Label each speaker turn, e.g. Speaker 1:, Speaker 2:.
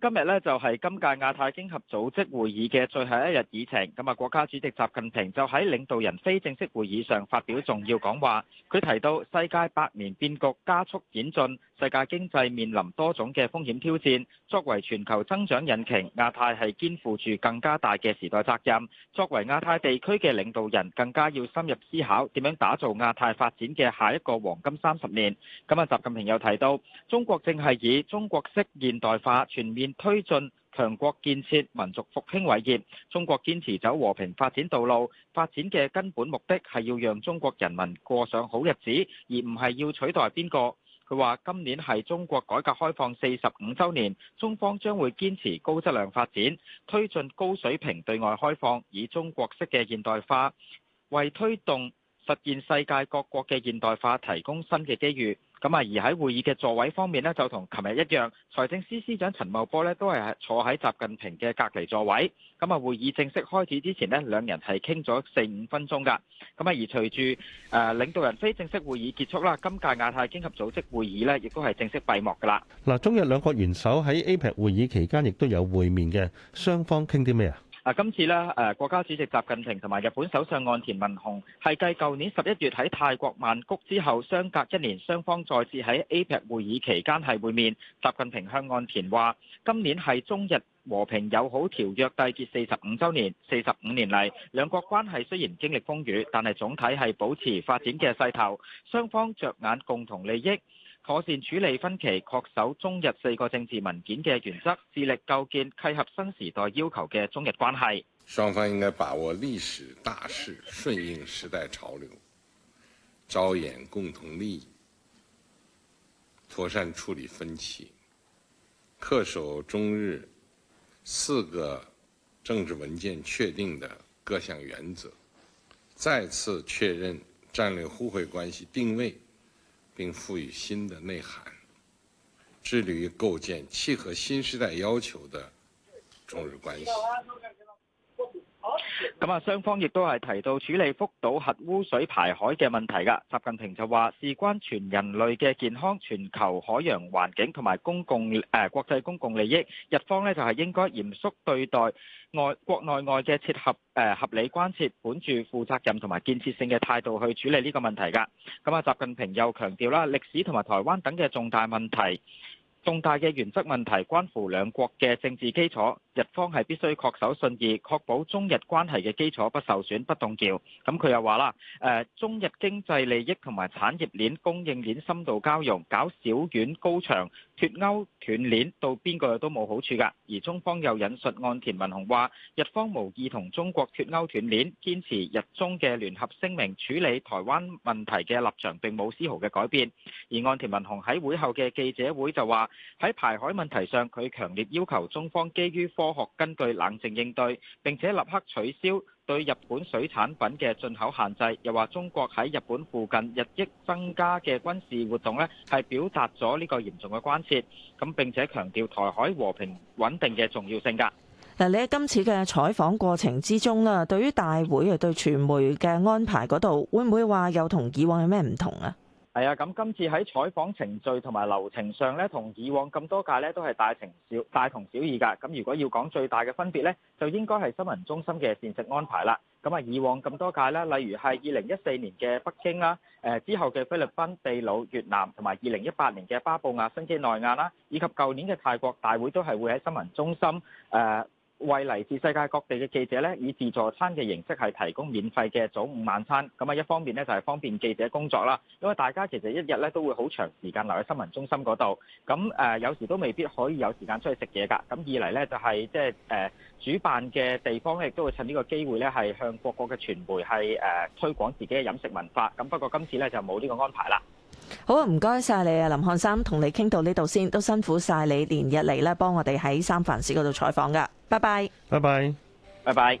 Speaker 1: 今日呢，就係今屆亞太經合組織會議嘅最後一日議程，咁啊國家主席習近平就喺領導人非正式會議上發表重要講話，佢提到世界百年變局加速演進。世界經濟面臨多種嘅風險挑戰，作為全球增長引擎，亞太係肩負住更加大嘅時代責任。作為亞太地區嘅領導人，更加要深入思考點樣打造亞太發展嘅下一個黃金三十年。咁啊，習近平又提到，中國正係以中國式現代化全面推進強國建設、民族復興偉業。中國堅持走和平發展道路，發展嘅根本目的係要讓中國人民過上好日子，而唔係要取代邊個。佢話：他說今年係中國改革開放四十五週年，中方將會堅持高質量發展，推進高水平對外開放，以中國式嘅現代化為推動實現世界各國嘅現代化提供新嘅機遇。咁啊，而喺會議嘅座位方面呢，就同琴日一樣，財政司司長陳茂波呢都係坐喺習近平嘅隔離座位。咁啊，會議正式開始之前呢，兩人係傾咗四五分鐘㗎。咁啊，而隨住誒領導人非正式會議結束啦，今屆亞太經合組織會議呢亦都係正式閉幕㗎喇。嗱，中日兩國元首喺 APEC 會議期間亦都有會面嘅，雙方傾啲咩啊？嗱，今次咧，誒國家主席習近平同埋日本首相岸田文雄係繼舊年十一月喺泰國曼谷之後相隔一年，雙方再次喺 APEC 會議期間係會面。習近平向岸田話：今年係中日和平友好條約締結四十五週年，四十五年嚟兩國關係雖然經歷風雨，但係總體係保持發展嘅勢頭，雙方着眼共同利益，妥善處理分歧，恪守中日四個政治文件嘅原則，致力構建契合新時代要求嘅中日關係。雙方應該把握歷史大勢，順應時代潮流，着眼共同利益，妥善處理分歧，恪守中日四個政治文件確定的各項原則，再次確認戰略互惠關係定位。並賦予新的內涵，致力於構建契合新時代要求的中日關係。咁啊，雙方亦都係提到處理福島核污水排海嘅問題㗎。習近平就話，事關全人類嘅健康、全球海洋環境同埋公共誒國際公共利益，日方呢就係應該嚴肅對待外國內外嘅切合誒合理關切，本住負責任同埋建設性嘅態度去處理呢個問題㗎。咁啊，習近平又強調啦，歷史同埋台灣等嘅重大問題，重大嘅原則問題關乎兩國嘅政治基礎，日方係必須恪守信義，確保中日關係嘅基礎不受損、不動搖。咁佢又話啦：誒，中日經濟利益同埋產業鏈、供應鏈深度交融，搞小院高牆、脫歐斷鏈，到邊個都冇好處㗎。而中方又引述岸田文雄話：日方無意同中國脫歐斷鏈，堅持日中嘅聯合聲明處理台灣問題嘅立場並冇絲毫嘅改變。而岸田文雄喺會後嘅記者會就話。喺排海問題上，佢強烈要求中方基於科學根據冷靜應對，並且立刻取消對日本水產品嘅進口限制。又話中國喺日本附近日益增加嘅軍事活動咧，係表達咗呢個嚴重嘅關切。咁並且強調台海和平穩定嘅重要性噶，嗱，你喺今次嘅採訪過程之中啦，對於大會，啊對傳媒嘅安排嗰度，會唔會話又同以往有咩唔同啊？係啊，咁今次喺採訪程序同埋流程上咧，同以往咁多屆咧都係大同小大同小異㗎。咁如果要講最大嘅分別咧，就應該係新聞中心嘅膳食安排啦。咁啊，以往咁多屆啦，例如係二零一四年嘅北京啦，誒之後嘅菲律賓、秘魯、越南同埋二零一八年嘅巴布亞新幾內亞啦，以及舊年嘅泰國大會都係會喺新聞中心、呃為嚟自世界各地嘅記者咧，以自助餐嘅形式係提供免費嘅早午晚餐。咁啊，一方面咧就係方便記者工作啦，因為大家其實一日咧都會好長時間留喺新聞中心嗰度，咁誒有時都未必可以有時間出去食嘢噶。咁二嚟咧就係即係誒主辦嘅地方亦都會趁呢個機會咧係向各國嘅傳媒係誒推廣自己嘅飲食文化。咁不過今次咧就冇呢個安排啦。好啊，唔該晒你啊，林漢山，同你傾到呢度先，都辛苦晒你連日嚟咧，幫我哋喺三藩市嗰度採訪噶，拜拜，拜拜，拜拜。拜拜。